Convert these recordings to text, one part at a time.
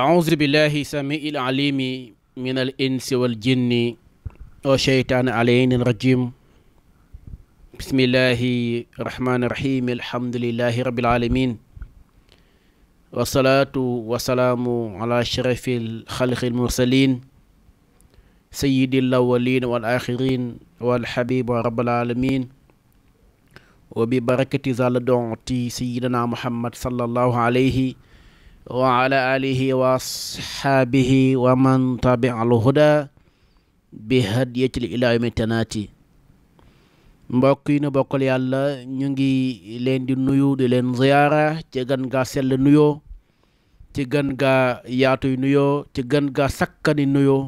auzu billahi samiil alimi min al insi wal jinni wa sheytaan alayni rajim bismillahi rahmaani rahim alhamdulillahi rabbil alamin wasalaatu wasalaamu ala ashrafi alxalqi almursalin sayyidi alawalin wal axirin wal xabibu rabbil alamin wa bi barakati zàll doonti sayidina muhammad sallallahu alayhi wa ala alihi wa asxaabihi wa man tabi'al huda bi hadiyatil ilaa yawmi tanaati mbokk yi nu bokkal yàlla ñu ngi leen di nuyu di leen ziyaara ci gën gaa sell nuyoo ci gën gaa yaatuy nuyoo ci gën ga sakkani nuyo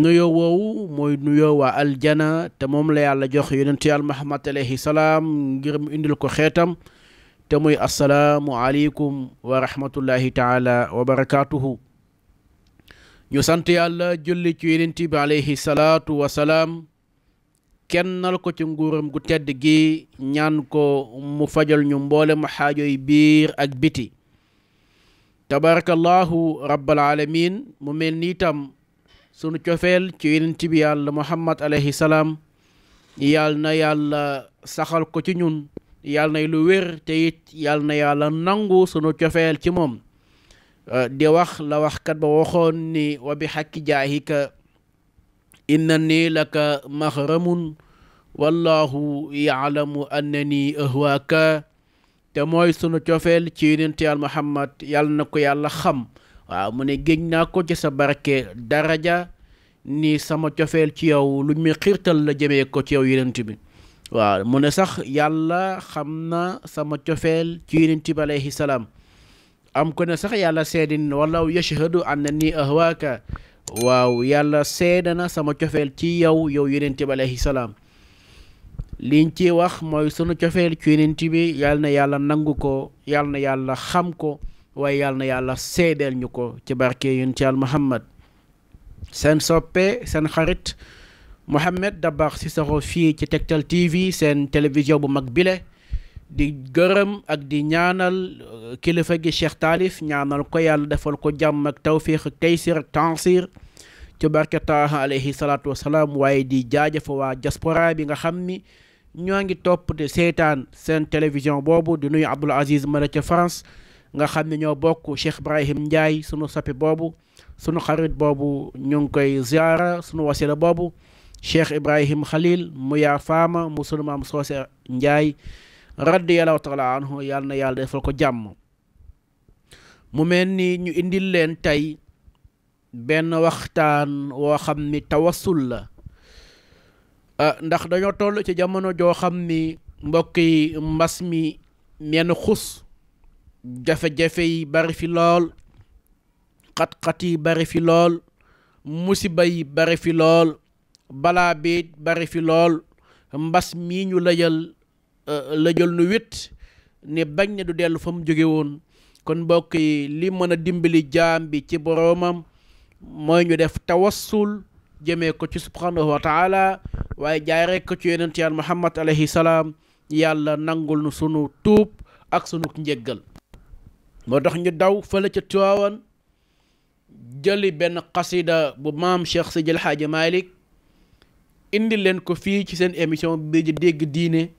nuyoo woowu mooy nuyoo waa aljana te moom la yàlla jox yonentu yàlla Muhammad alayhi salaam ngir mu indil ko xeetam te muy assalaamu aleykum wa rahmatullahi taala ñu sant yàlla julli ci yonent bi aleyhi salaatu wa kennal ko ci nguuram gu tedd gi ñaan ko mu fajal ñu mboole mboolem xaajoy biir ak biti tabarakallahu rabbal alamin mu mel ni itam sunu cofeel ci yonent bi yàlla muhammad aleyhi salaam yàll na yàlla saxal ko ci ñun yàlla na lu wér te it yàlla na yàlla nangu sunu cofeel ci moom euh, di wax la waxkat ba waxoon ni wa bi xakki jaahika inna nii laka maxramun wallahu yaalamu annani ahwaaka te mooy sunu cofeel ci yonent yàlla Muhammad yàlla na ko yàlla xam waaw mu ne géej naa ko ci sa barke daraja ni sama cofeel ci yow lu ñu xiirtal la jëme ko ci yow yonent bi waaw mu ne sax yàlla xam na sama cofeel ci yonent bi salaam am ko ne sax yàlla seedin walaw yashhadu anna ni ahwaaka waaw yàlla seede na sama cofeel ci yow yow yonent bi alayhi salaam liñ ci wax mooy sunu cofeel ci yonent bi yàlla na yàlla nangu ko yàlla na yàlla xam ko waaye yàlla na yàlla seddal ñu ko ci barke yonent yàlla Muhammad seen soppe seen xarit baax Dabakh Cissokho fii ci Tektal TV seen télévision bu mag bile di gërëm ak di ñaanal euh, kilifa gi Cheikh Taalif ñaanal ko yàlla defal ko jàmm ak tawfiq ak taysir ak tansir ci barke Taaha alayhi salaatu wasalaam waaye di jaajëfa waa diaspora bi nga xam ni ñoo ngi topp di seetaan seen télévision boobu di nuyu Abdoul Aziz Mala ca France nga xam ne ñoo bokk Cheikh Ibrahim Ndiaye sunu soppi boobu sunu xarit boobu ñu ngi koy ziara sunu wasila boobu cheikh ibrahim khalil mu yaa faama soose njaay radiyallahu taala yàlla na yàlla defal ko jàmm mu mel ni ñu indil leen tey benn waxtaan woo xam ni tawasul la ah, ndax dañoo toll ci jamono joo xam ni mbokk yi mbas mi menn xus jafe-jafe yi bari fi lool xat-xat yi bari fi lool musiba yi bari fi lool balaa bi bari fi lool mbas mii ñu lajal euh, lajal nu wit ne bañ ne du dellu fa mu jóge woon kon mbokk yi li mën a dimbali jaam bi ci boroomam mooy ñu def tawassul jëme ko ci subhanahu waaye jaaree ko ci yonent yaan muhammad alayhi salaam yàlla nangu nu sunu tuub ak sunu njëggal moo tax ñu daw fële ca Tiwaawan jëli benn xasida bu maam Cheikh Sidil Hadji Malick indi leen ko fii ci seen émission bi di dégg diine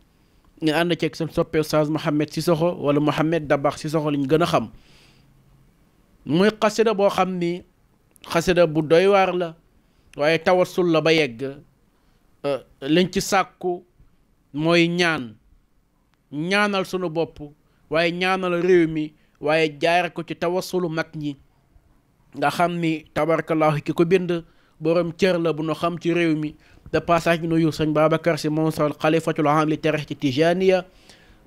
nga ànd ceeg seen soppe Oustaz Mouhamed soxo wala Mouhamed Dabakh Cissokho liñ gën a xam muy xasida boo xam ni xasida bu doy waar la waaye tawasul la ba yegg euh, liñ ci sàkku mooy ñaan ñaanal sunu bopp waaye ñaanal réew mi waaye jaare ko ci tawasulu mag ñi nga xam ni tabarakallahu ki ko bind borom cër la bu nu xam ci réew mi de passage nuyu sëñ Babacar Sy Mansour xalifatul aam li tarixati tijaniya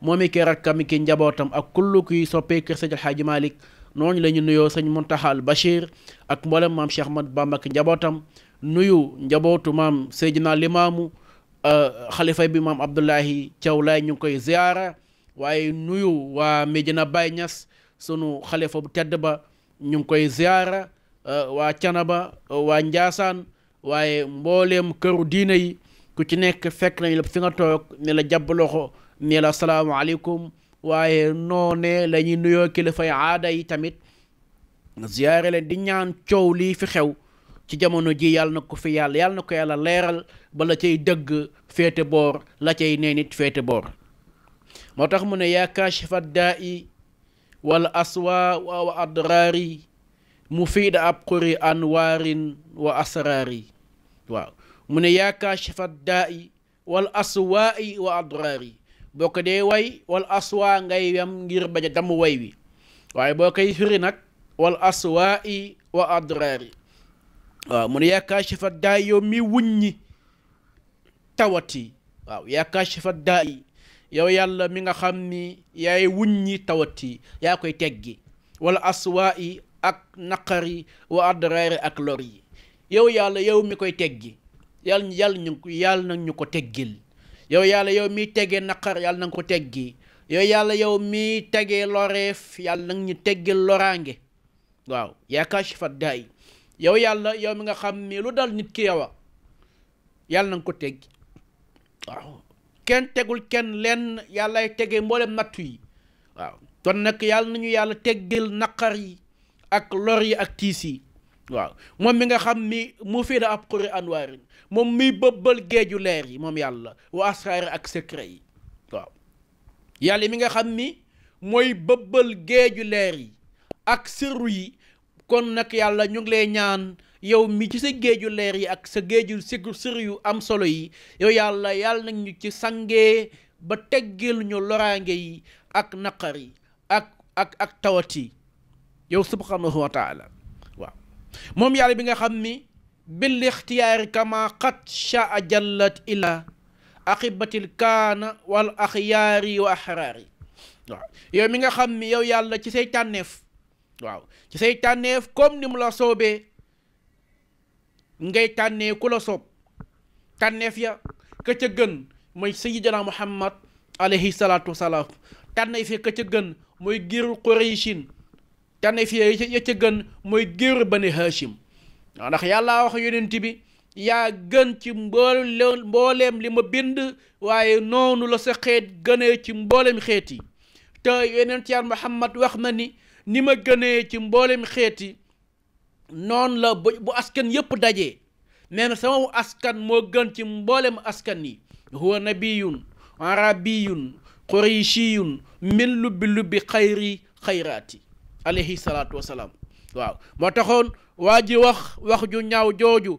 moom i kii rakkam ki njabootam ak kullu kuy soppee kër sëñ Alxaaji Malick noonu lañu ñu nuyoo sëñ Muntaxa al Bachir ak mboolem maam Cheikh Ahmad Bamba ak njabootam nuyu njabootu maam na Limaamu euh, xalifa bi maam Abdoulahi Thiaw Laay ñu koy ziyaara waaye nuyu waa Medina Baye sunu xalifa bu tedd ba ñu ngi koy ziyaara euh, waa Canaba waa Njaasaan waaye mbooleem këru diina yi ku ci nekk fekk nañ la fi nga toog ne la jàpp loxo ne la salaamaaleykum waaye noonee la ñuy nuyoo kilifay aada yi tamit ziyaare leen di ñaan coow lii fi xew ci jamono ji yàlla na ko fi yàlla yàlla na ko yàlla leeral ba la cay dëgg féete boor la cay nee nit féete boor moo tax mu ne yaa kaashifa daa i wal aswa wa adraari mu fiida ab quri anwaarin wa asraari waaw mu ne yaa kaashifa daa i wal aswaa i wa adraar yi boo ko dee way wal aswaa ngay yam ngir bañ damm way wi waaye boo koy firi nag wal aswaa i wa adraar yi waaw mu ne yaa kaashifa daa yow yi yow yàlla mi nga xam ni yaay wuññi tawat yi yaa koy teggi wal aswaa i ak naqar yi wa adraar yi ak lor yi yow yàlla yow mi koy teggi yàlla yàlla ñu yàlla na ñu ko teggil yow yàlla yow miy tegee naqar yàlla na nga ko teggi yow yàlla yow miy tegee loreef na ñu teggil loraange waaw yaa kaashifat yow yàlla yow mi nga xam ni lu dal nit ki yow a yàlla na nga ko teggi waaw kenn tegul kenn lenn yàllaay tegee mboolem nattu yi waaw kon nag yàlla nañu yàlla teggil naqar yi ak lor yi ak tiis yi waaw moom mi nga xam mi mu fii na ab xuri anwaarin moom muy bëbbal géeju leer yi moom yàlla wa ak secret yi waaw yàlla mi nga xam ni mooy bëbbal géeju leer yi ak sirru yi kon nag yàlla ñu ngi lay ñaan yow mi ci sa géeju leer yi ak sa géeju sirru yu am solo yi yow yàlla yàlla na ñu ci sangee ba teggil ñu loraange yi ak naqari ak ak ak tawat yi yow subhanahu wa moom yàlla bi nga xam ni bil ixtiyaari kama qad shaa jallat ila aqibatil kaana wal axyaari wa ahraari yow mi nga xam ni yow yàlla ci say tànneef waaw ci say tànneef comme ni mu la soobee ngay tànnee ku la soob tànneef ya ka ca gën mooy sayyidina muhammad alayhi salaatu wasalaam tànneef ya ka ca gën mooy qurayshin tànneef yee ya ca gën mooy géeru ba Hachim waaw ndax yàlla wax yonent bi yaa gën ci mboolem mbooleem li ma bind waaye noonu la sa xeet gënee ci mboolem xeeti yi te yonent yàlla wax na ni ni ma gënee ci mboolem xeet yi noonu la bu askan yépp daje nee na sama askan moo gën ci mboolem askan yi huwa nabiyun arabiyun qurayshiyun min lubbi lubbi xayri xayraati alayhi salaatu wasalaam waaw moo taxoon waa ji wax wax ju ñaaw jooju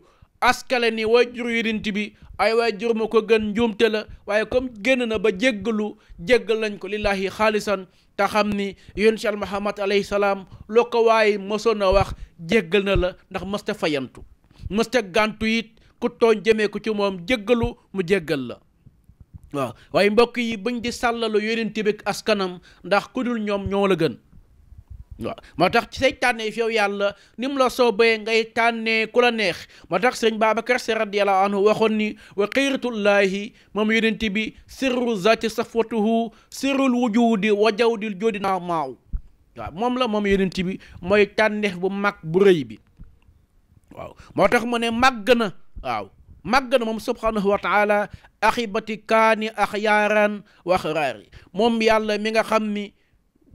askale ni wayjur yonent bi ay wayjur ma ko gën njuumte la waaye comme génn na ba jéggalu jéggal nañ ko lillaahi xaalisan te xam ni yonent si al Muhammad salaam loo ko waaye mësoon a wax jéggal na la ndax mësta fayantu mësta gàntu it ku tooñ jëmee ko ci moom jéggalu mu jéggal la waaw waaye mbokk yi buñ di sàllalu yonent bi askanam ndax ku dul ñoom ñoo la gën waaw moo tax ci say tànneef yow yàlla ni mu la soobee ngay tànnee ku la neex moo tax sëñ Babacar Si radiyallahu anhu waxoon ni wa xayratullahi moom yonent bi sirru zati safwatuhu sirrul wujudi wa jawdil jodi naa maaw waaw moom la moom yonent bi mooy tànneef bu mag bu rëy bi moo tax mu ne màgg na waaw màgg na moom subhanahu wa axibati kaani axyaaran wa axraari moom yàlla mi nga xam ni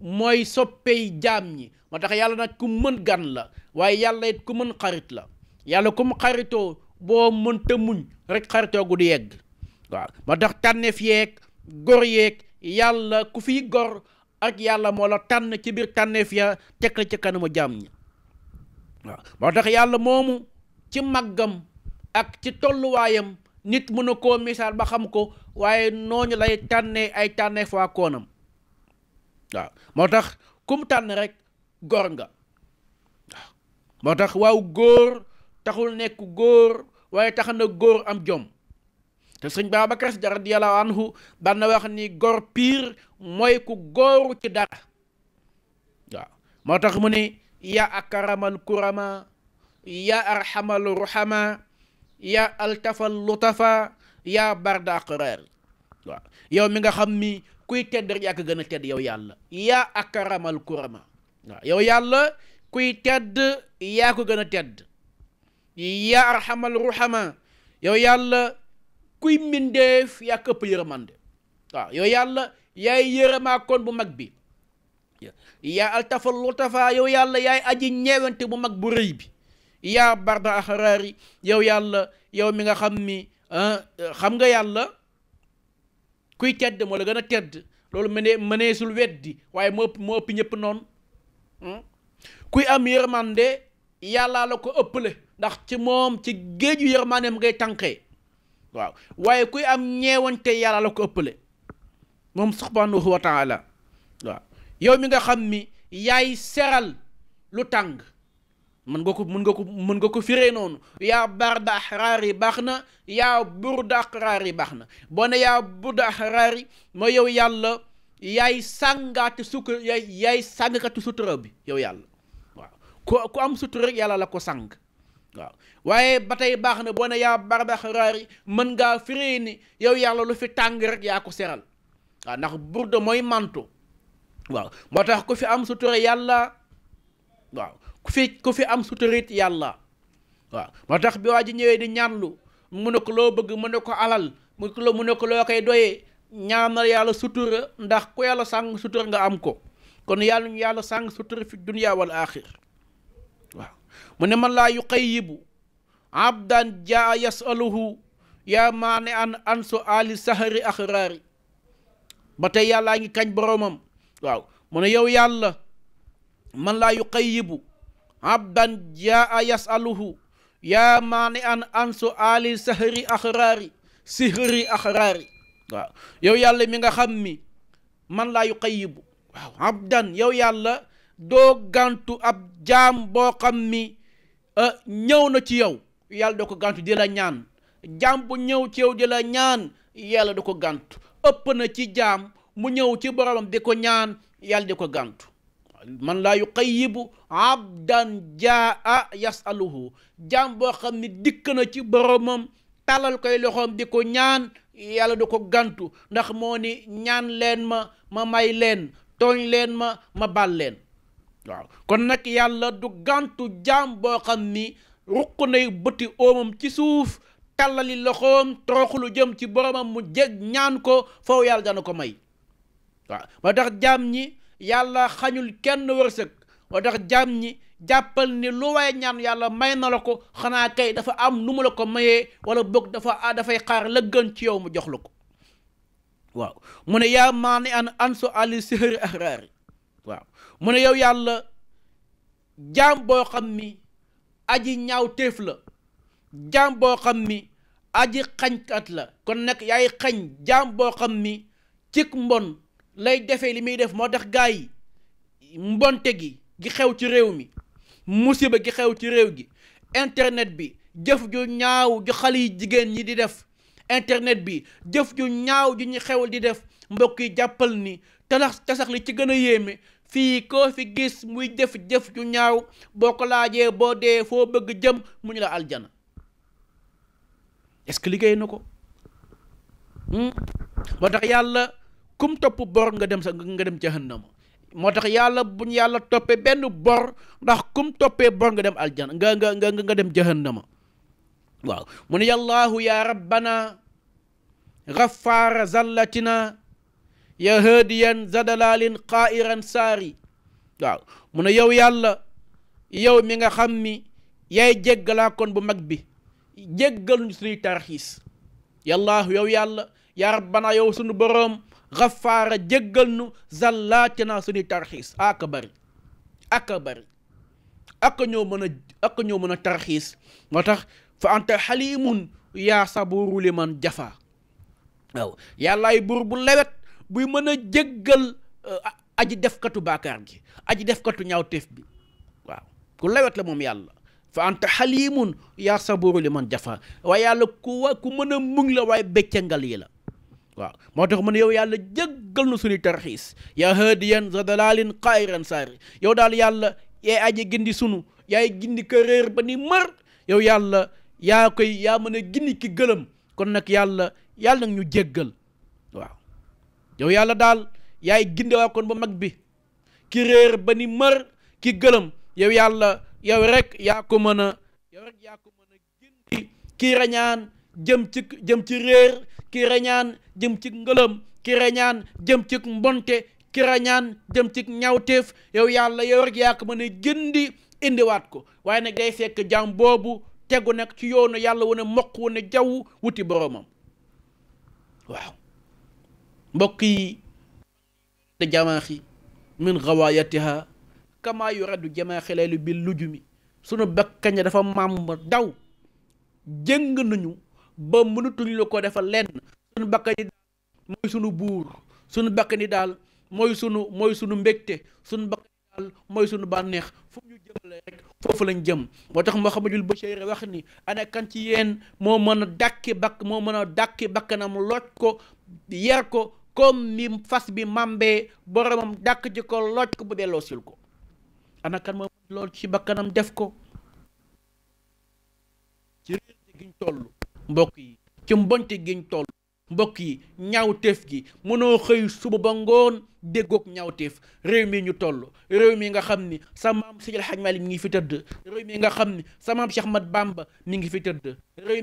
mooy soppey jaam ñi moo tax yàlla nag ku mën gan la waaye yàlla it ku mën xarit la yàlla ku mu xaritoo boo mën muñ rek xaritoo gu du yegg waaw moo tax tànneef yeeg gor yeeg yàlla ku fiy gor ak yàlla moo la tànn ci biir tànneef ya teg la ci kanamu jaam ñi waaw moo tax yàlla moomu ci màggam ak ci tolluwaayam nit mën a koo misaal ba xam ko waaye nooñu lay tànnee ay tànneef waaw moo tax ku tànn rek góor nga moo tax waaw góor taxul nekk góor waaye tax na góor am jom te sëñ Babacar Si radiyallahu anhu daan na wax ni góor piir mooy ku góoru ci dara waaw moo tax mu ni yaa akaramal kurama yaa arxamal ruxama yaa altafal lutafa yaa barda aqraar waaw mi nga xam ni kuy tedd rek yaa ko gën a tedd yow yàlla yaa akaramal kurama waaw kuy tedd yaa ko yërëmande waaw yow bu mag bi yaa altafa lutafa yow yàlla yaay aji ñeewante bu mag bu rëy bi yaa barda axaraari yow yàlla yow mi nga xam ni ah, xam nga kuy tedd moo la gën a tedd loolu mënee mëneesul weddi waaye moo ëpp moo ëpp ñëpp noonu hmm? kuy am yërmande yàlla la ko ëpple ndax ci moom ci géeju yërmandeem ngay tànkee waaw waaye kuy am ñeewante yàllaa la ko ëpple moom subhanahu wa taala waaw yow mi nga xam mi yaay seral lu tàng mën nga ko mën nga ko mën nga ko firee noonu yaa barda raar yi baax na yaa burda raar yi baax na boo ne yaa burda raar mooy yow yàlla yaay sàngaati sutura yaay yaay sutura bi yow yàlla waaw ku am sutura rek yàlla la ko sàng waaw waaye ba tey baax na boo ne yaa barda raar yi mën ngaa firee ni yow yàlla lu fi tàng rek yaa ko seral waaw ndax burda mooy manto waaw moo tax ku fi am sutura yàlla waaw ku fi ku fi am suturit yàlla waaw moo tax bi waa ji ñëwee di ñaanlu mu ne ko loo bëgg mu ne ko alal mu ne ko loo mu ne loo koy doyee ñaanal yàlla sutura ndax ku yàlla sàng sutura nga am ko kon yàlla ñu yàlla sànk sutura fi dunya wal axir waaw mu ne man laa yuqayyibu abdan jaa yasaluhu yaa maane an an su ali sahari axraari ba tey yàllaa ngi kañ boroomam waaw mu ne yow yàlla man laa yuqayyibu abdan jaa yasaluhu yaa maani an an su ali sahri axraari sihri axraari waaw yow yàlla mi nga xam mi man laa yu qayibu waaw abdan yow yàlla doo gàntu ab jaam boo xam mi euh, ñëw na ci yow yàlla doo ko gàntu di la ñaan jaam bu ñëw ci yow di la ñaan yàlla du ko gantu ëpp na ci jaam mu ñëw ci boromam di ko ñaan yàlla di ko gantu man laa yuqayyibu abdan jaa yasaluhu jaam boo xam ni dikk na ci boroomam tàllal koy loxoom di ko ñaan yàlla du ko gàntu ndax moo ni ñaan leen ma ma may leen tooñ leen ma ma baal leen waaw kon nag yàlla du gàntu jaam boo xam ni ruq nay bëti oomam ci suuf tàllali loxoom toroxlu jëm ci boroomam mu jeg ñaan ko foofu yàlla dana ko may waaw moo tax jaam ñi yàlla xañul kenn wërsëg moo tax jaam ñi jàppal ni lu waay ñaan yàlla may na la ko xanaa kay dafa am nu mu la ko mayee wala boog dafa ah, dafay xaar la gën ci yow mu jox la ko waaw mu ne yaa maani an ansu ali sihëri ahraari waaw mu ne yow yàlla jaam boo xam mi aji ñaaw téef la jaam boo xam mi aji xañkat la kon nag yaay xañ jaam boo xam mi cig mbon lay defee li muy def moo tax gaa yi mbonte gi gi xew ci réew mi musiba gi xew ci réew gi internet bi jëf ju ñaaw ju xale yi jigéen ñi di def internet bi jëf ju ñaaw ju ñu xewal di def mbokk yi jàppal ni talax tasax li ci gën a yéeme fii koo fi gis muy def jëf ju ñaaw boo ko laajee boo dee foo bëgg jëm mu ñu la aljana est-ce liggéey na ko hmm? moo tax yàlla kum topp bor nga dem sa nga dem jahannama moo tax yàlla buñ yàlla toppee benn bor ndax kum toppee bor nga dem aljana nga nga nga dem jahannama waaw mu ne yallaahu ya rabbana ghaffara zallatina ya yow yàlla yow mi nga xam ni yaay jéggalaa bu mag bi jéggal ñu suñuy tarxiis yallaahu yàlla ya rabbana yow sunu boroom xafaara jéggal nu zallaate naa suñuy tarxiis aka bari aka bari aka ñoo mën a aka ñoo mën a tarxiis moo tax fa anta xalimun yaa saburu li man jafa waaw yàllaay buur bu lawet buy mën a jéggal eh, aji defkatu baakaar gi aji defkatu ñaawteef bi waaw ku lewet la moom yàlla fa anta xalimun yaa saburu li man jafa waaye yàlla ku wa ku mën a muñ la waaye béccangal yi la waaw moo tax mu ne yow yàlla jéggal nu suñuy tarxiis yaa haadiyan sa dalalin xaayiran saari yow daal yàlla yaay aje gindi sunu yaay gindi ko réer ba ni mar yow yàlla yaa koy yaa mën a gindi ki gëlëm kon nag yàlla yàlla nag ñu jéggal yàlla daal yaay gindi ba mag bi ki réer yow yàlla yow rek yaa ko mën a yow rek gindi ki rañaan jëm ci réer ki rañaan jëm ci ngëlëm ki rañaan jëm ci mbonte ki rañaan jëm ci ñawteef yow yàlla yow rek yaa ko mën a indiwaat ko waaye nag day fekk jàmm boobu tegu nag ci yoonu yàlla wu ne mokk wu ne wuti boroomam waaw mbokk yi te jamaaxi min gawaayatiha kamaa yu raddu jamaaxi laylu bil lujumi sunu bakkañ dafa màmm daw jëng nañu ba mënatuñ la ko defal lenn suñu bakkan yi daal mooy sunu buur sunu bakkan yi daal mooy sunu mooy sunu mbégte sunu daal mooy sunu bànneex fu ñu jëmale rek foofu lañ jëm moo tax Mouhamadul Bachir wax ni ana ci yéen moo mën a dàkki bakk moo mën a dàkki bakkanam looj ko yar ko comme ni fas bi màmbee boromam dàkk ci ko looj ko bu delloo sil ko ana kan lool ci bakkanam def ko ci réer gi ñu toll mbokk yi ci mbonte giñ toll mbokk yi ñaw ñaawteef gi mënoo xëy suba ba ngoon déggoog ñaawteef réew mi ñu toll réew mi nga xam ni sa maam Seydi El Hadji Malick mu ngi fi tëdd réew mi nga xam ni sa maam Cheikh Ahmad Bamba mi ngi fi tëdd réew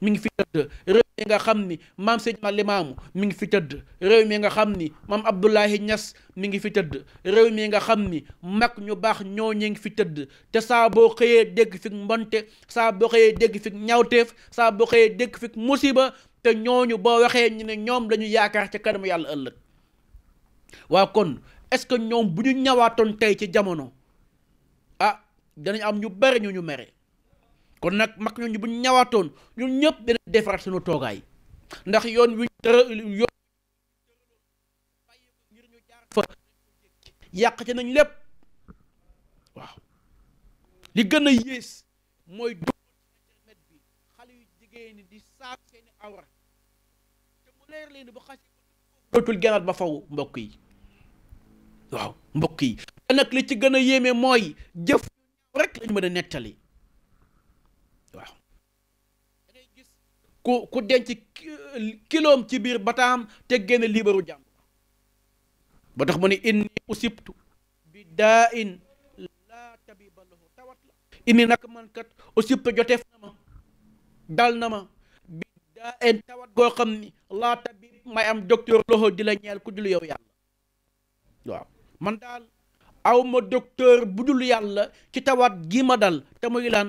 mi ngi fi tëdd mi nga xam ni maam Seydina Limaamu mi ngi fi tëdd réew mi nga xam ni maam Abdoulaye Niass mi ngi fi tëdd réew nga xam ni mag ñu baax ñoo ñi ngi fi tëdd te saa boo xëyee dégg fi mbonte saa boo xëyee dégg fi ñawteef saa boo xëyee dégg fi musiba te ñooñu boo waxee ñu ne ñoom lañu yaakaar ci kanamu yàlla ëllëg waa kon est-ce que ñoom bu ñu ñawaatoon tey ci jamono ah danañ am ñu bari ñu ñu mere kon nag mag ñooñu bu ñu ñawaatoon ñun ñëpp dina defaraat suñu toogaay ndax yoon wi yoon ngir ñu jaar fa yàq ci nañ lépp waaw li gën a yées mooy dugg internet yu di saaf seeni awra te bu xas dootul ba faw mbokk yi waaw mbokk yi te nag li ci gën a yéeme mooy jëf rek lañ mën a nettali ku ku denc euh, kiloom ci biir bataam te génne libaru jàmm ba tax mu ne inni usibtu bi daa in laa tabiba lahu tawat la inni nag man kat usibtu joteef na ma dal na ma bi daa in tawat goo xam ni laa tabib may am docteur loxo di la ñeel ku dul yow yàlla waaw man daal aw ma bu dul yàlla ci tawat gi ma dal te muy lan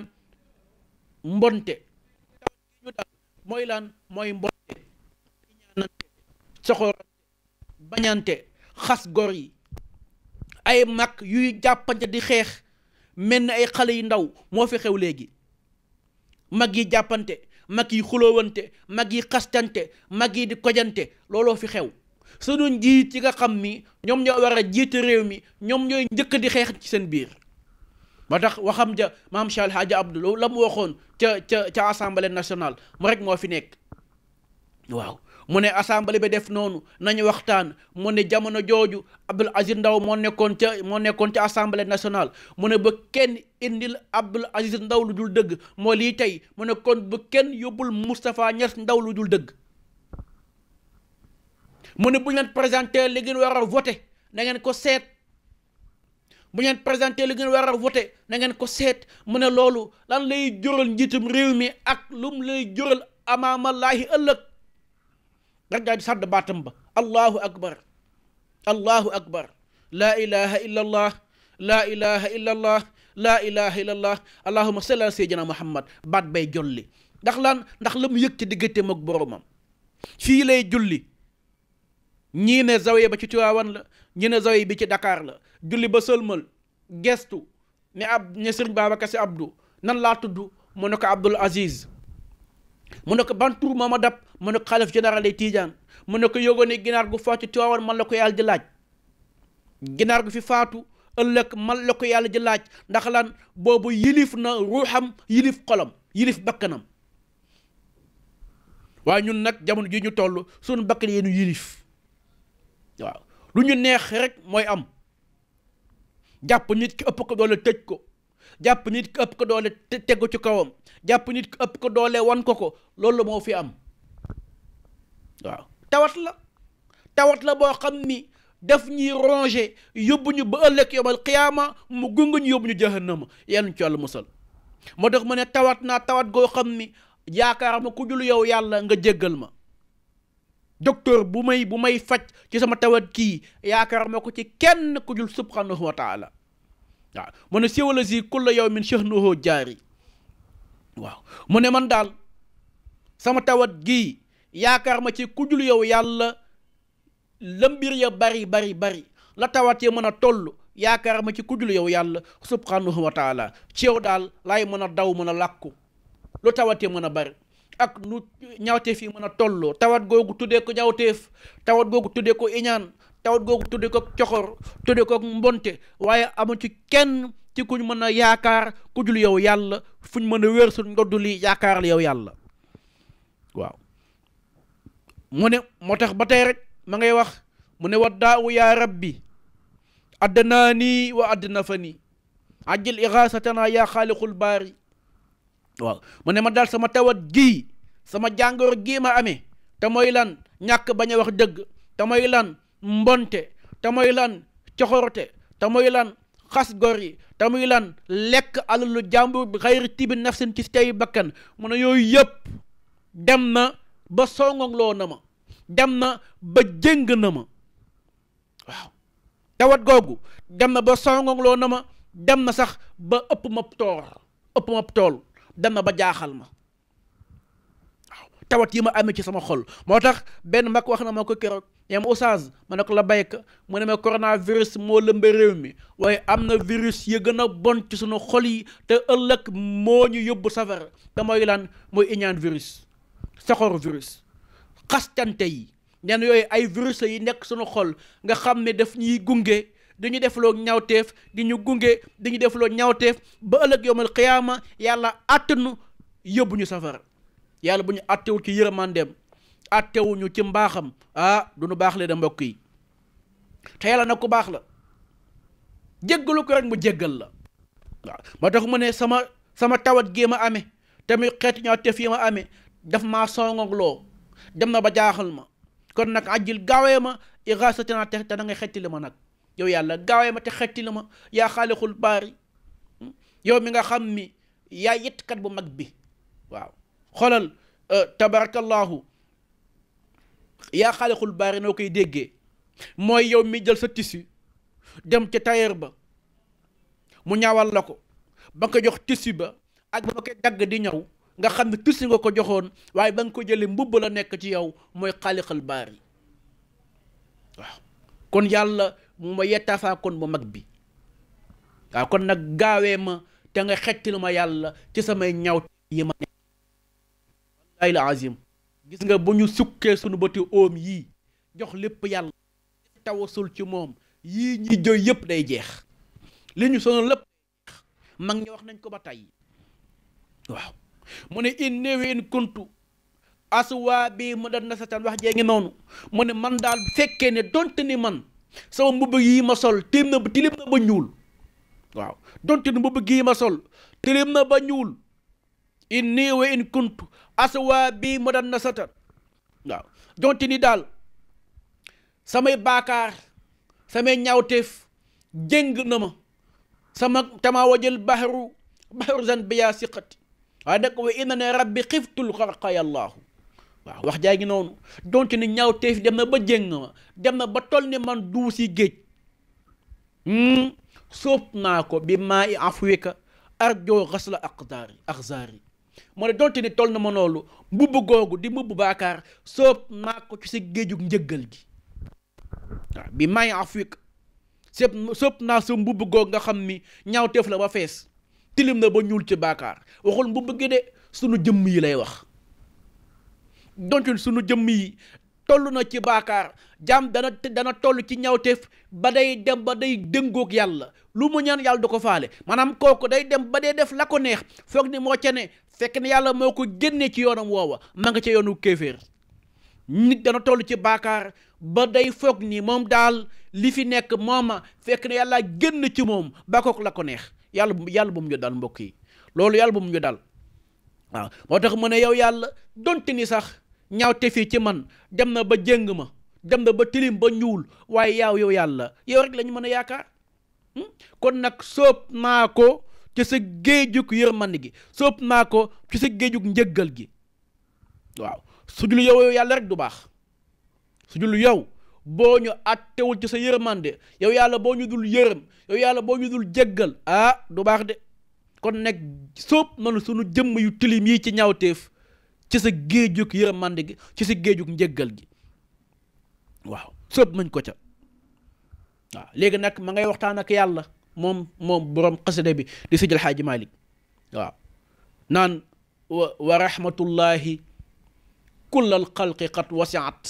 mbonte mooy lan mooy mbote iñaanante soxorante bañante xas gor yi ay mag yuy jàppante di xeex mel ni ay xale yu ndaw moo fi xew léegi mag yi jàppante mag yi xuloowante mag yi xastante mag yi di kojante looloo fi xew sunu njiit ci nga xam ni ñoom ñoo war a jiite réew mi ñoom ñooy njëkk di xeex ci seen biir ba tax waxam ja maam Cheikh Alhaaja Abdou la mu waxoon ca ca ca assemblée nationale mu rek moo fi nekk waaw mu ne assemblée bi def noonu nañu waxtaan mu ne jamono jooju Abdoul Aziz Ndaw moo nekkoon ca moo nekkoon ca assemblée nationale mu ne ba kenn indil Abdoul Aziz Ndaw lu dul dëgg moo lii tey mu nekkoon kon kenn yóbbul Moustapha Niass Ndaw lu dul dëgg mu ne bu ñu leen présenté li ngeen wara a voté na ngeen ko seet. bu ngeen présenté li ngeen war a voté na ngeen ko seet mu ne loolu lan lay jural njiitum réew mi ak lum lay jural amaamallaahi ëllëg nga daal di sàdd ba allahu akbar allahu akbar laa ilaha illa allah laa ilaha illa allah laa ilaha illa allah allahuma salli ala sayyidina muhammad baat bay jolli ndax lan ndax la mu yëg ci digganteem ak boroomam fii lay julli ñii ne ba ci Tiwaawan la ñu ne zoy bi ci dakaar la julli ba sëlmal gestu ne ab ne sëriñ Babacar Sy Abdou nan laa tudd mu ne ko Abdoul Aziz mu ne ko ban tur moo ma dab mu ne ko xalif général yi Tidiane mu ne ko yógoone ginaar gu faatu Tiwaawan man la ko yàlla di laaj ginaar gu fi faatu ëllëg man la ko yàlla di laaj ndax lan boobu yilif na ruuxam yilif xolam yilif bakkanam waaye ñun nag jamono ji ñu toll suñu bakkan yi ñu yilif lu ñu neex rek mooy am jàpp nit ki ëpp ko doole tëj ko jàpp nit ki ëpp ko doole tegu ci kawam jàpp nit ki ëpp ko doole wan ko ko loolu moo fi am waaw tawat la tawat la boo xam ni daf ñuy rongé yóbbu ñu ba ëllëg yawmal qiyaama mu gungu ñu yóbbu ñu jahannama yenn ci yàlla musal moo tax ma ne tawat naa tawat goo xam ni yaakaar ma ku dul yow yàlla nga jéggal ma docteur bu may bu may faj ci sama tawat kii yaakaar ma ko ci kenn ku jul subhanahu wa taala waaw mu ne siwalasi kulla yawmin shahnuhu jaari waaw mu ne man daal sama tawat gii yaakaar ma ci ku yow yàlla la mbir ya bari bari bari la tawat ya mën a toll yaakaar ma ci ku yow yàlla subhanahu wa taala ci yow daal lay mën a daw mën a làkku lu tawat ya mën a bari ak nu ñawteef yi mën a tolloo tawat googu tuddee ko ñawteef tawat googu tuddee ko iñaan tawat googu tuddee ko coxor tuddee ko mbonte waaye amul ci kenn ci kuñ mën a yaakaar ku dul yow yàlla fuñ mën a wér suñ ndodd li yaakaaral yow yàlla waaw mu ne moo tax ba tey rek ma ngay wax mu ne waddaawu yaa rabbi addanaanii wa addana fa nii ajjil ixaasatana yaa xaaliqul baari waaw mu ne ma daal sama tawat gii sama jàngoro gii ma amee te mooy lan ñàkk bañ a wax dëgg te lan mbonte te mooy lan coxorote te lan xas gor yi te muy lan lekk alalu jàmbur bi xayri tibi nafsin ci tey bakkan mu ne yooyu yëpp dem na ba songongloo na ma dem na ba jëng na ma waaw tawat googu dem na ba songongloo na ma dem na sax ba ëpp ma toor ëpp ma tool dem na ba jaaxal ma waaw tawat yi ma amee ci sama xol moo tax benn mag wax na ma ko keroog yam oustaz ma ne ko la béyka mu ne ma coronavirus moo lëmba réew mi waaye am na virus yi gën a bon ci sunu xol yi te ëllëg moo ñu yóbbu safara te mooy lan mooy iñaan virus saxoor virus xastante yi neen yooyu ay virus yi nekk sunu xol nga xam ne daf ñuy gunge du ñu defloo ñawteef di ñu gunge di ñu defloo ñawteef ba ëllëg yowmal ma yàlla àttanu yóbbu ñu safara yàlla bu ñu àttewul ci yërëmandeem àttewuñu ci mbaaxam ah du nu baax le da mbokk yi te yàlla nag ku baax la jéggalu ko rek mu jéggal la waaw moo tax ma ne sama sama tawat gii ma amee tamit xeeti ñawteef yi ma amee daf ma songoog loo dem na ba jaaxal ma kon nag ajjil gaawee ma irasatena te te na ngay xetti li ma nag yow yàlla gaawee ma te xetti la ma yaa xaalixul baari hmm? yow mi nga xam mi yaa yettkat bu mag bi waaw xoolal euh, tabarakallahu yaa xaalixul baari noo koy déggee mooy yow mi jël sa tissu dem ca tailleur ba mu ñaawal la ko ba nga ko jox tissu ba ak ba koy dagg di ñëw nga xam ne tissu nga ko joxoon waaye ba nga ko jëlee mbubb la nekk ci yow mooy xaalixul baari waaw kon yàlla mu ma kon bu mag bi waaw kon nag gaawee ma te nga xettil ma yàlla ci samay ñaw yi ma ne wallahi la azim gis nga bu ñu sukkee sunu bëti oom yii jox lépp yàlla tawasul ci moom yii ñi joy yépp day jeex li ñu sonal lépp mag ñi wax nañ ko ba tey waaw mu ne in néeween kuntu aswaa bi mu da nasatan wax jee ngi noonu mu ne man daal fekkee ne donte ni man sama mbubb yi ma sol tilim na tilim ba ñuul waaw donte mbubb gii ma sol tilim na ba ñuul in nii wa in kuntu aswaa bii waaw donte daal samay baakaar samay ñaawteef jéng na ma sama tamaa wajal baxaru baxaru zan biyaa siqati waaye nag wa inna ne rabbi xiftul xarqa yallaahu waa wax jaa ngi noonu donte ni ñaaw teef dem na ba jéng ma dem na ba toll ni man du si géej hmm, sóob naa ko bi maa i afwika arjo xasla aqdaari axzaari moo ne donte ni toll na ma noolu mbubb googu di mbubb baakaar sóob naa ko ci si géejug njëggal gi waaw bi maa i afwika sëp naa sa mbubb googu nga xam ni ñaaw teef la ba fees tilim na ba ñuul ci baakaar waxul mbubb gi de sunu jëmm yi lay wax donc sunu jëmm yi toll na ci baakaar jaam dana dana toll ci ñawteef ba day dem ba day dëngook yàlla lu mu ñaan yàlla du ko faale maanaam kooku day dem ba day def la ko neex foog ni moo ca fekk ne yàlla moo ko génnee ci yoonam woowa ma nga ca yoonu kéeféer nit dana toll ci baakaar ba day foog ni moom daal li fi nekk mooma fekk na yàlla génn ci moom ba kook la ko neex yàlla yàlla bu mu ñu dal mbokk yi loolu yàlla bu mu ñu waaw moo tax mu ne yàlla donte ni sax ñaawte fii ci man dem na ba jëng ma dem na ba tilim ba ñuul waaye yaaw yow yàlla yow rek lañu mën a yaakaar hmm? kon nag soob naa ko sa géejug yërmande gi sóob naa ko ci sa njëggal gi waaw su yow yow yàlla du baax su dul yow boo ñu àttewul ci sa yërmande yow yàlla boo ñu dul yërëm yàlla boo ñu dul jéggal ah, du baax de kon nag sóob nanu sunu jëmm yu tilim yi ci ñaawteef ci sa géejug yërmande gi ci sa géejug njëggal gi waaw sëpp nañ ko ca waaw léegi nag ma ngay waxtaan ak yàlla moom moom borom xasida bi di sijal xaaji Malik waaw naan wa rahmatullahi kull al xalqi qad wasiat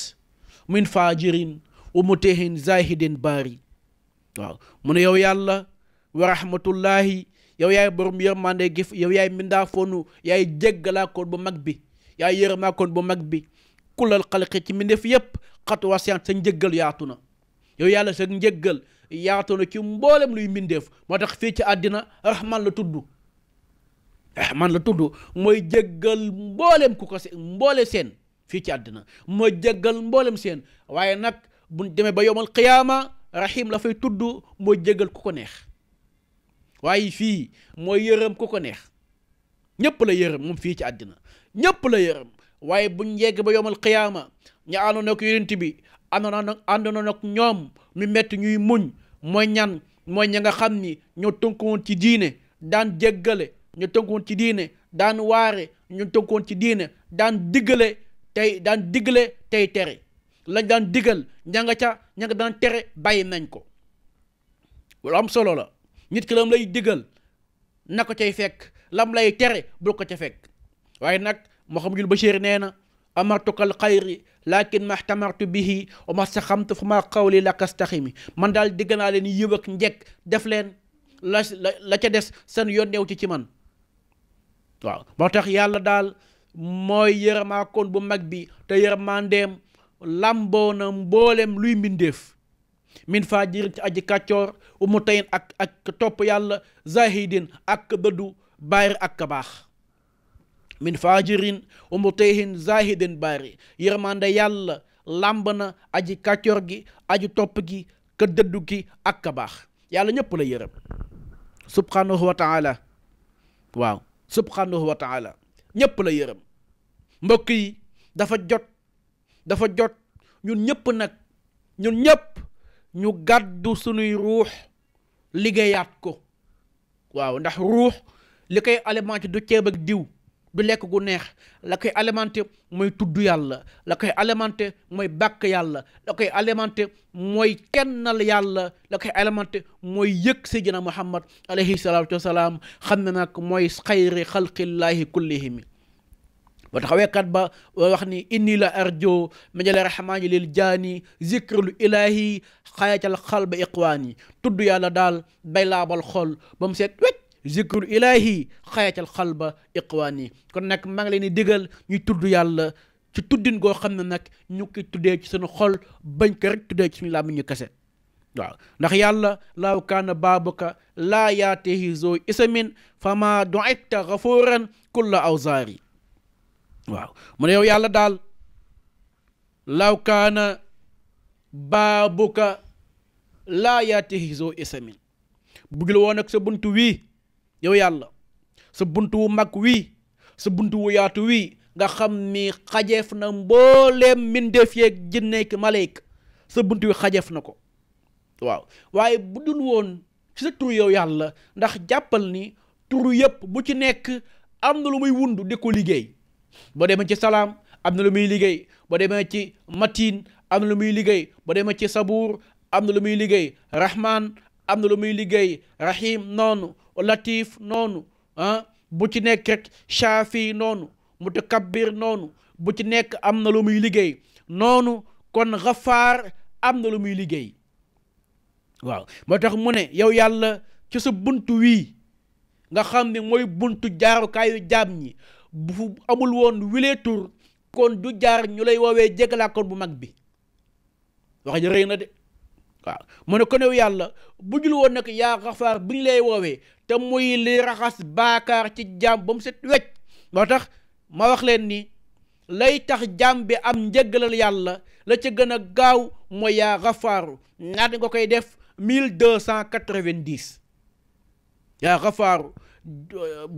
min fajirin wa mutehin zahidin baari waaw mu ne yow yàlla wa rahmatullahi yow yaay borom yërmande gi yow yaay mindaa foonu yaay jéggalaakoon bu mag bi yaa yërëmaa kon bu mag bi kulal xalqi ci mbindeef yépp xatu wasiyaan sa njëggal yaatu na yow yàlla sa njëggal yaatu na ci mboolem luy mbindeef moo tax fii ci àddina rahman la tudd rahman la tudd mooy jëggal mboolem seen fii ci àddina mooy jëggal mboolem seen waaye nag bu demee ba yowmal qiyaama rahim la fay tudd mooy jëggal ku ko neex waaye fii mooy yërëm ku ko neex ñépp la yërëm moom fii ci àddina ñépp la yërëm waaye buñ yegg ba yomal xiyaama ña àndoon ak yonent bi àndoon ak àndoon ak ñoom mi metti ñuy muñ mooy ñan mooy ña nga xam ni ñoo woon ci diine daan jéggale ñu woon ci diine daan waare ñu woon ci diine daan diggale tey daan diggale tey tere lañ daan diggal ña nga ca ña nga daan tere bàyyi nañ ko lu am solo la nit ki lam lay diggal na ko cay fekk lam lay tere bul ko ca fekk waaye nag Mouhamadul Bachir nee na amartukal xayri lakin maxtamartu bihi wa ma saxamtu fa ma xawli mi man daal digg naa leen yiw njekk def leen la la ca des seen yoon neew ci ci man waaw moo tax yàlla daal mooy yërëmaakoon bu mag bi te yërëmaandeem làmboo na luy mbindeef min faa jirit ci aj kàccoor umu tayin ak ak topp yàlla zahidin ak dëddu baayir ak baax min fajirin wa mutihin zahidin bari yërmande yàlla làmb na aji kàccoor gi aji topp gi ka dëddu gi ak ka baax yàlla ñëpp la yërëm subhanahu wa waaw subhanahu wa taala ñëpp la yërëm mbokk yi dafa jot dafa jot ñun ñëpp nag ñun ñëpp ñu gàddu sunuy ruux liggéeyaat ko waaw ndax ruux li koy alimenté du ceeb ak diw du lekk gu neex la koy alimenté mooy tudd yàlla la koy alimenté mooy bàkk yàlla la koy alimenté mooy kennal yàlla la koy alimenté mooy yëkk sayyidina Muhammad alayhi salaatu wa salaam xam na nag mooy xayri xalqillaahi kullihim ba taxaweekat ba wax ni inni la arjo majal rahmaani lil jaani zikrul ilaahi xayatal xal ba tudd yàlla daal bay laabal xol ba mu seet wecc zikrul ilahi xayatal xalba iqwaan yi kon nag maa leen di digal ñuy tudd yàlla ci tuddin goo xam ne nag ñu koy tuddee ci suñu xol bañ ko rek waaw ndax yàlla law kaana baabuka laa yaatihi zoo isamin fama du'ita gafuran kulla awzaari waaw mu ne yow yàlla daal law kaana baabuka laa yaatihi zoo isamin bugil woon ak sa buntu wii yow yàlla sa bunt wu mag wii sa bunt wu yaatu wii nga xam ni xajeef na mbooleem mbindeef yeeg jinneek maleek sa bunt wi xajeef na ko waaw waaye bu dul woon ci sa tur yow yàlla ndax jàppal ni tur yëpp bu ci nekk am na lu muy wund di ko liggéey boo demee ci salaam am na lu muy liggéey boo demee ci matin am na lu muy liggéey boo demee ci sabuur am na lu muy liggéey rahman am na lu muy liggéey rahim noonu latif noonu ah, bu ci nekk rek shaafi noonu mu kabir noonu bu ci nekk am na lu muy liggéey noonu kon xafaar am na lu muy liggéey waaw moo tax mu ne yow yàlla ci sa bunt wii nga xam ne mooy buntu jaarukaayu jaam ñi bu amul woon wilee tur kon du jaar ñu lay woowee jégalaakoon bu mag bi wax ji rëy na de waaw mu ne kon yow yàlla bu jul woon nag yaa xafaar bi ñu lay woowee te muy li raxas baakaar ci jaam ba mu set wecc moo tax ma wax leen ni lay tax jaam bi am njëggalal yàlla la ca gën a gaaw mooy yaa xafaaru ñaata nga koy def mille deux cent quatre-vingt-dix yaa xafaaru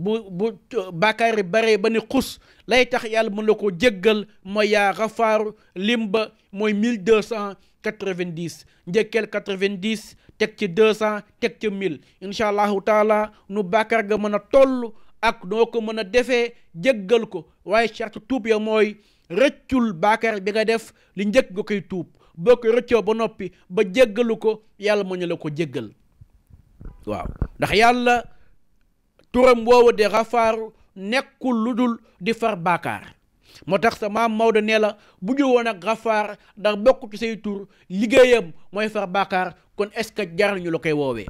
bu bu baakaar yi bare ba ne xus lay tax yàlla mën la ko jéggal mooy yaa xafaaru lim ba mooy mille deux cent quatre-vingt-dix njëkkeel quatre-vingt-dix teg ci deux cent teg ci mille incha allahu taala nu bàkkaar ga mën a toll ak doo ko mën a defee jéggal ko waaye charte tuub ya mooy rëccul baakar bi nga def li njëkk nga koy tuub boo ko rëccoo ba noppi ba jéggalu ko yàlla mën na ko jéggal waaw ndax yàlla turam woowu de xafaaru nekkul lu dul di far bàkkaar moo tax sa maam Maodo nee la bu ñu woon ak Gafaar ndax bokk ci say tur liggéeyam mooy far bàkkaar kon est-ce que jar ñu la koy woowee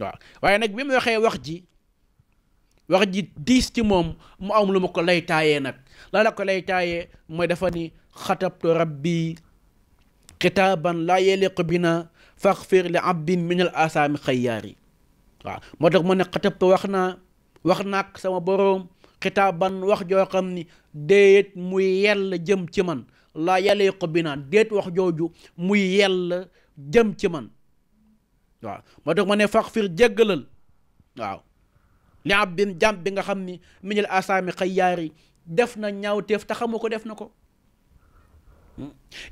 waaw waaye nag bi mu waxee wax ji wax ji diis ci moom mu am lu ma ko lay taayee nag la la ko lay taaye mooy dafa ni xatabtu rabbi xitaaban laa yeliqu bina faxfir li abdin min al asaami xayyaar yi waaw moo tax mu ne xatabtu wax naa wax naak sama boroom xitaaban wax joo xam ni déet muy yell jëm ci man laa yaliqu bi naan déet wax jooju muy yell jëm ci man waaw moo tax ma ne faxfir jéggalal waaw li abdin jàmm bi nga xam ni minil asaami xayyaari def na ñaawteef te xamu ko def na ko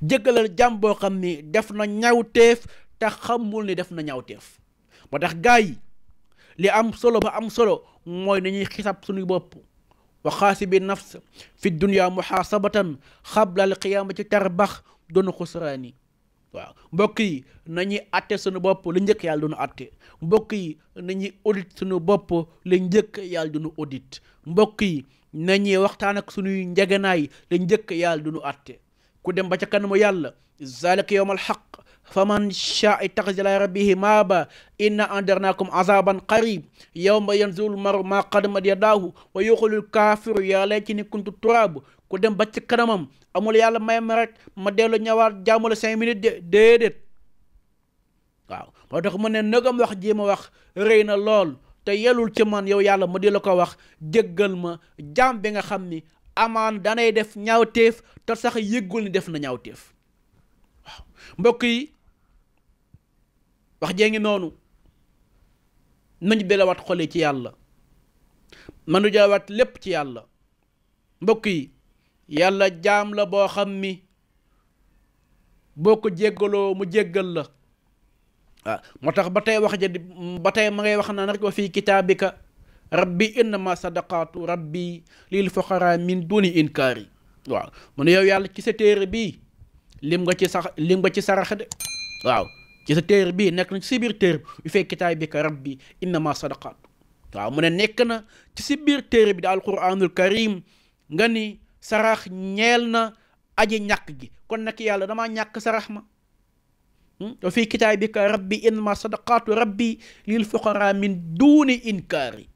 jéggalal jàmm boo xam ni def na ñaawteef te xamul ni def na ñaawteef moo tax gaa yi li am solo ba am solo mooy nañuy xisab suñu bopp wa xaasibi nafs fi dunia muhaasabatan xabla al qiyaamati tarbax doon xusraani waaw mbokk yi nañuy atte sunu bopp la njëkk yàlla duñu atte mbokk yi nañuy audit suñu bopp lu njëkk yàlla audit mbokk yi nañuy waxtaan ak suñuy njeganaay lu njëkk yàlla duñu atte ku dem ba ca kanamu yàlla zalika yowm al xaq faman sha'i taxis ila rabbihi maaba inna andarnakum azaban qarib yawma yanzul maru ma qadamat yadaahu wa yuqulul kaafiru yaa laytani kuntu turaabu ku dem ba ci kanamam amul yàlla may ma rek ma dellu ñëwaat jàmmale cinq minutes de déedéet waaw moo tax mu ne nagam wax ji ma wax rëy na lool te yelul ci man yow yàlla ma di la ko wax jéggal ma jaam bi nga xam ni amaan danay def ñaawteef te sax yëggul ni def na ñaawteef waaw wax jee ngi noonu nañu delawaat xole ci yàlla manu delawaat lépp ci yàlla mbokk yi yàlla jaam la boo xam ni boo ko jéggaloo mu jéggal la waaw moo tax ba tey wax ja di ba tey ma ngay wax naan rek wa fii kitaabika rabbi innama bi rabbi lil fuqara min duni inkaari waaw mu ne yow yàlla ci sa téere bii lim nga ci sax lim nga ci sarax de waaw ci sa téer bii nekk na ci si biir téer bi fekk kitaay bi ka rabbi innama sadaqat waaw mu ne nekk na si biir téer bi da alquranul karim nga ni sarax ñeel na aji ñàkk gi kon nag yàlla dama ñàkk sarax ma hmm? wa fii kitaabika rabbi innama sadaqaatu rabbi lil fuqara min duuni inkaari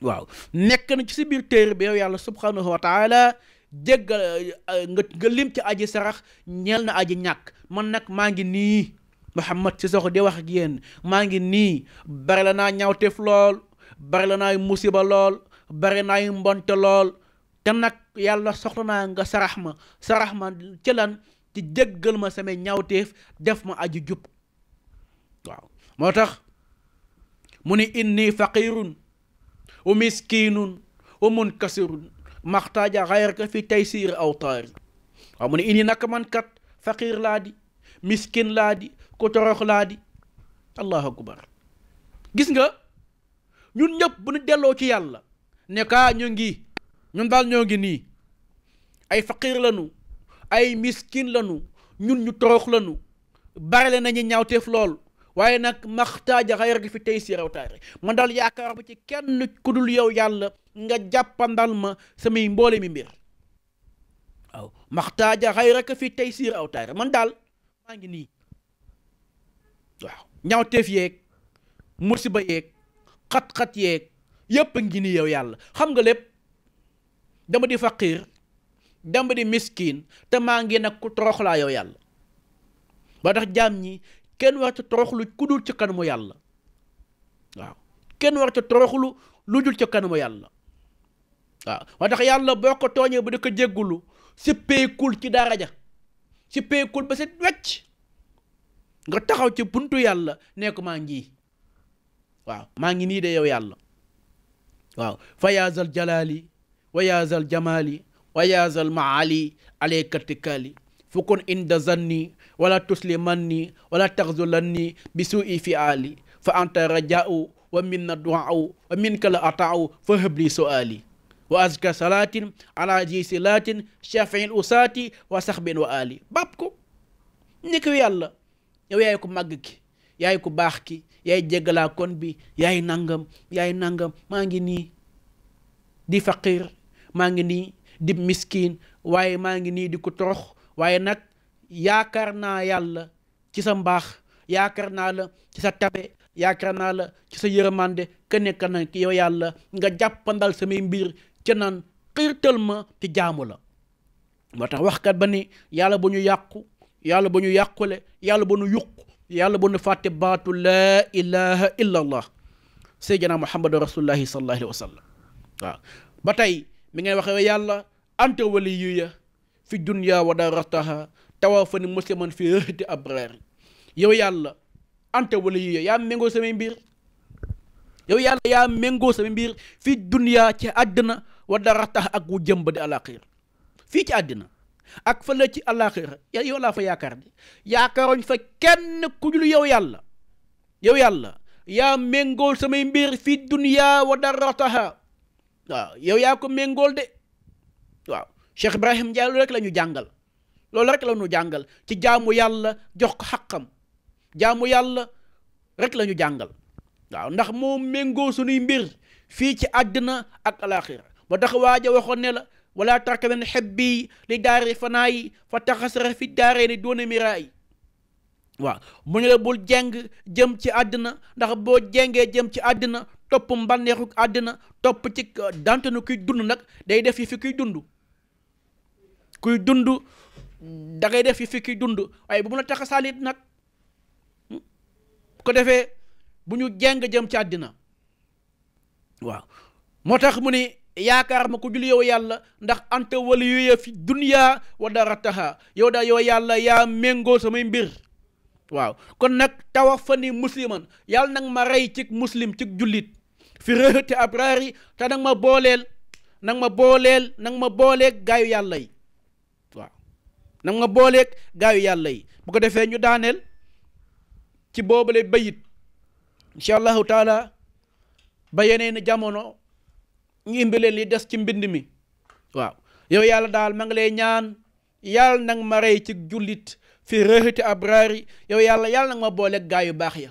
waaw nekk na ci si biir téer bi yàlla subhanahu wa taala nga lim ci aji sarax ñeel na aji ñàkk man nag maa ngi nii Mouhamed Cissokho di wax génn maa ngi nii bari la naa ñaawteef lool bari la naay musiba lool bari naay mbonte lool te nag yàlla soxla naa nga sarax ma sarax ma ci lan ci jéggal ma samay ñaawteef def ma aji jub waaw moo tax mu ne inni faqirun wa miskinun wa munkasirun maxtaaja xayraka fi taysiir awtaari waaw mu ne inni naka man kat laa di miskin laa di ko ku toroxlaa di allahu akbar gis nga ñun ñëpp bu ñu delloo ci yàlla ne kaa ñu ngi ñun daal ñoo ngi nii ay faqir lañu ay miskin lañu ñun ñu torox lañu barale nañu teef lool waaye nag maxtaaja xayr gi fi tey si rawtaare man daal yaakaar ba ci kenn ku dul yow yàlla nga jàppandal ma samay mboole mi mbir waaw maxtaaja xayr ka tey si rawtaare man daal maa ngi nii waaw ñaawteef yeeg musiba yeeg xat-xat yeeg yépp ngi ni yow yàlla xam nga lépp dama di faqiir dama di miskin te maa ngi nag ku torox laa yow yàlla ba tax jaam ñi kenn war ca toroxlu ku dul ci kanamu yàlla waaw war ca toroxlu lu dul ci kanamu yàlla waaw ba tax yàlla boo ko tooñee bu di ko jéggulu si péykul ci daraja si péykul ba set wecc nga taxaw ca buntu yàlla nee ko maa ngi waaw maa ngi nii de yow yàlla waaw fa yaazal jalaali wa yaazal jamaali wa yaazal maali alayka tikkaali fukun inda zanni wala tuslimanni wala taxzulanni bi suui fi aali fa anta rajaau wa min na duau wa min ka la ataau fa hëbli suaali wa azka salaatin ala ji silaatin shafiin usaati wa saxbin wa aali bàpp ko ni ko yàlla yow yaay ko màgg ki yaay ko baax ki yaay jéggalaa kon bi yaay nangam yaay nangam maa ngi nii di faqir maa ngi nii di miskin waaye maa ngi nii di ko torox waaye nag yaakaar naa yàlla ci sa mbaax yaakaar naa la ci sa tabe yaakaar naa la ci sa yërëmande ke nekk na yow yàlla nga jàppandal samay mbir ca naan xiirtal ma ci jaamu la moo waxkat ba ni yàlla bu ñu yàqu yàlla ba ñu yàqule yàlla ba ñu yuq yàlla ba ñu fàtte baatu laa ilaha illa allah seydina muhammadu rasulullahi sallallahu alayhi wa sallam waaw ba tey mi ngay waxee yàlla anta waliyu ya fi dunya wa darataha tawaafani musliman fi rëhti abraar yow yàlla anta waliyu ya yaa méngoo samay mbir yow yàlla yaa méngoo samay mbir fi dunya ci àddina wa darataha ak wu jëmb di alaaxir fii ci àddina ak fële ci àllaaxira yow laa fa yaakaar di yaakaaroñ fa kenn ku dul yow yàlla yow yàlla yaa méngool samay mbir fii duniyaa wa darataha waaw yow yaa ko méngool de waaw Cheikh Ibrahim Ndiaye loolu rek la jàngal loolu rek la jàngal ci jaamu yàlla jox ko xàqam jaamu yàlla rek la jàngal waaw ndax moo méngoo sunuy mbir fii ci àddina ak alaaxira ba tax waaja waxoon ne la ولا تركن حبي لدار فناي فتخسر في الدارين دون bul jeng jëm ci àddina ndax boo jengee jëm ci àddina topp mbanneexu àddina topp ci dund nag day def yi fi kuy kuy dund da def fi kuy dund waaye bu nag hmm, ko defee bu ñu jàng jëm ci àddina waaw moo tax mu ni yaakaar ma ko jul yow yàlla ndax anta wala yooya fi duniyaa wa dara taxa yow daal yow yàlla yaa méngoo samay mbir waaw kon nag tawaffani musliman yàlla nag ma rey ci muslim ci jullit fi rëhëte abraari te nag ma booleel nag ma booleel nag ma booleeg gaayu yàlla yi waaw nag ma booleeg gaayu yàlla yi bu ko defee ñu daaneel ci boobale bayit incha allahu taala ba yeneen jamono ñu indi li des ci mbind mi waaw yow yàlla daal ma ngi lay ñaan yàlla nag ma rey ci jullit fi rëxiti abraari yow yàlla yàlla nag ma gaa yu baax ya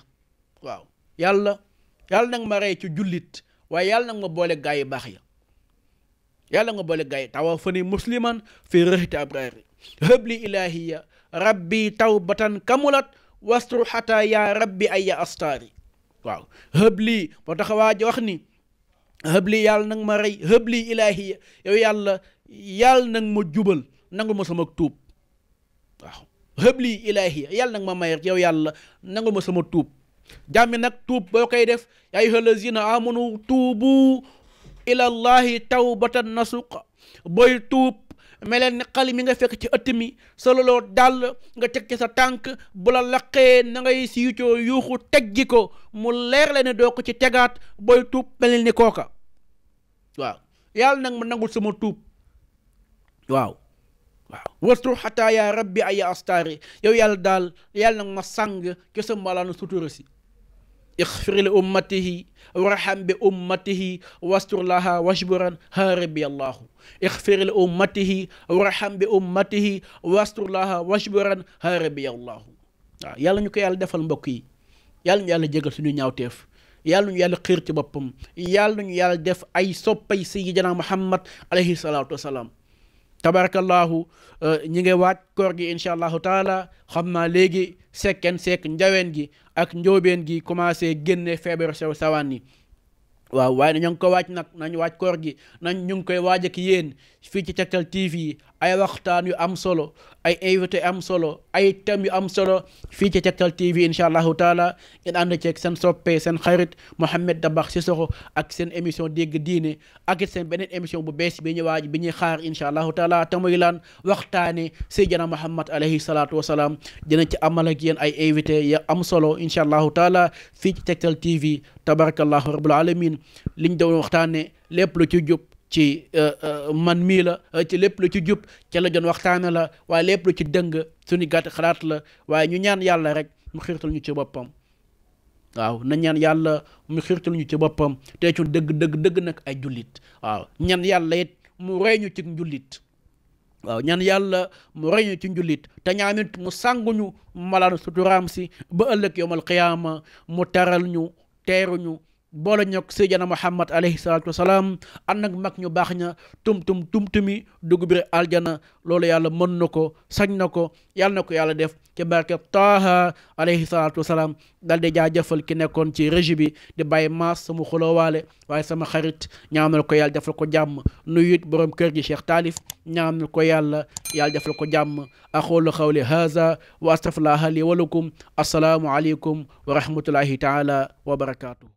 waaw yàlla yàlla nag ma rey ci jullit waaye yàlla nag ma booleeg gaa yu baax ya yàlla nga boole gaa yi tawa fa ni musliman fi rëxiti abraari hëbli ilaahiya rabbi tawbatan kamulat wastru xataa yaa rabbi ay astaari waaw hëbli moo tax waa wax ni hëbli yàlla nag ma rey hëbli ilaahiya yow yàlla yàlla nag ma jubal nangul ma sama tuub waaw hëbli ilaahiya yàlla nag ma may yow yàlla nangul ma sama tuub jàmmi nag tuub boo koy def yaa ayyuha lazina amanu tuubu ilallahi tawbatan nasuqa booy tuub meleen ni xale mi nga fekk ci ëtt mi sololoo dàll nga teg ci sa tànk bu la laqee na ngay siicoo yuuxu teg teggi ko mu leer la ne doo ko ci tegaat booy tuub melel ni kooka waaw yàlla nag ma nangul sama tuub waaw waaw wastur xataa yaa rabbi ay astaari yow yàlla daal yàlla nag ma sàng ci sa malaanu sutura si ixfir li ummatihi warham bi ummatihi wasturlaha wajburan ha rabbi allahu ixfir li wa warham bi ummatihi wasturlaha wajburan ha rabbi allahu waaw yàlla ñu ko yàlla defal mbokk yi yàlla ñu yàlla jégal suñu ñaawteef yàlla ñu yàlla xiir ci boppam yàlla ñu yàlla def ay soppay sayyidina muhammad alayhi salaatu wasalaam tabarakallahu euh, ñi ngi waaj koor gi incha allahu taala xam naa léegi sekken sekk njaween gi ak njóobeen gi commencé génne feebar sew sawaan yi waaw waaye na ñu ko waaj nag nañ waaj koor gi nañ ñu ngi koy waaj ki yéen fii ci Tektal TV ay waxtaan yu am solo ay invité am solo ay thèmes yu am solo fii ci Tektal TV incha allahu taala ngeen ànd ceeg seen soppe seen xarit dabax si Cissokho ak seen émission dégg diine ak it seen beneen émission bu bees bi ñu waaj bi ñuy xaar incha allahu taala te muy laan waxtaane Seydina Mouhamed alayhi salaatu wa salaam dina ci amal ak yéen ay invité ya am solo incha allahu taala fii ci Tektal TV tabarakallahu rabbil alamin liñ doon waxtaane lépp lu ci jub ci euh, euh, man mii la euh, ci lépp lu ci jub ca la doon waxtaane la waaye lépp lu ci dëng suñu gàtt xalaat la waaye ñu ñaan yàlla rek mu xiirtal ñu ci boppam waaw na ñaan yàlla mu xiirtal ñu ci boppam te ci dëgg dëgg nag ay jullit waaw ñaan yàlla mu rey ñu ci njullit waaw ñaan yàlla mu rey ñu ci njullit te ñaamit mu sànguñu malaan suturaam si ba ëllëg yowmal qiyaama mu taral ñu teeruñu boole ñokk Seydina Muhammad alayhi salaatu salaam ànd ak mag ñu baax ña tum-tum tum-tumi dugg biir aljana loolu yàlla mën na ko sañ na ko yàlla na ko yàlla def ci barke Taaha alayhi salaatu wasalaam dal di jaajëfal ki nekkoon ci régie bi di bàyyi maas sama xuloowaale waaye sama xarit ñaanal ko yàlla defal ko jàmm nuyut it borom kër gi Cheikh Taalif ñaanal ko yàlla yàlla jafal ko jàmm axoolu xawli haza wa astaghfirullaha li wa lakum assalaamu aleykum wa rahmatullahi taala wa barakaatu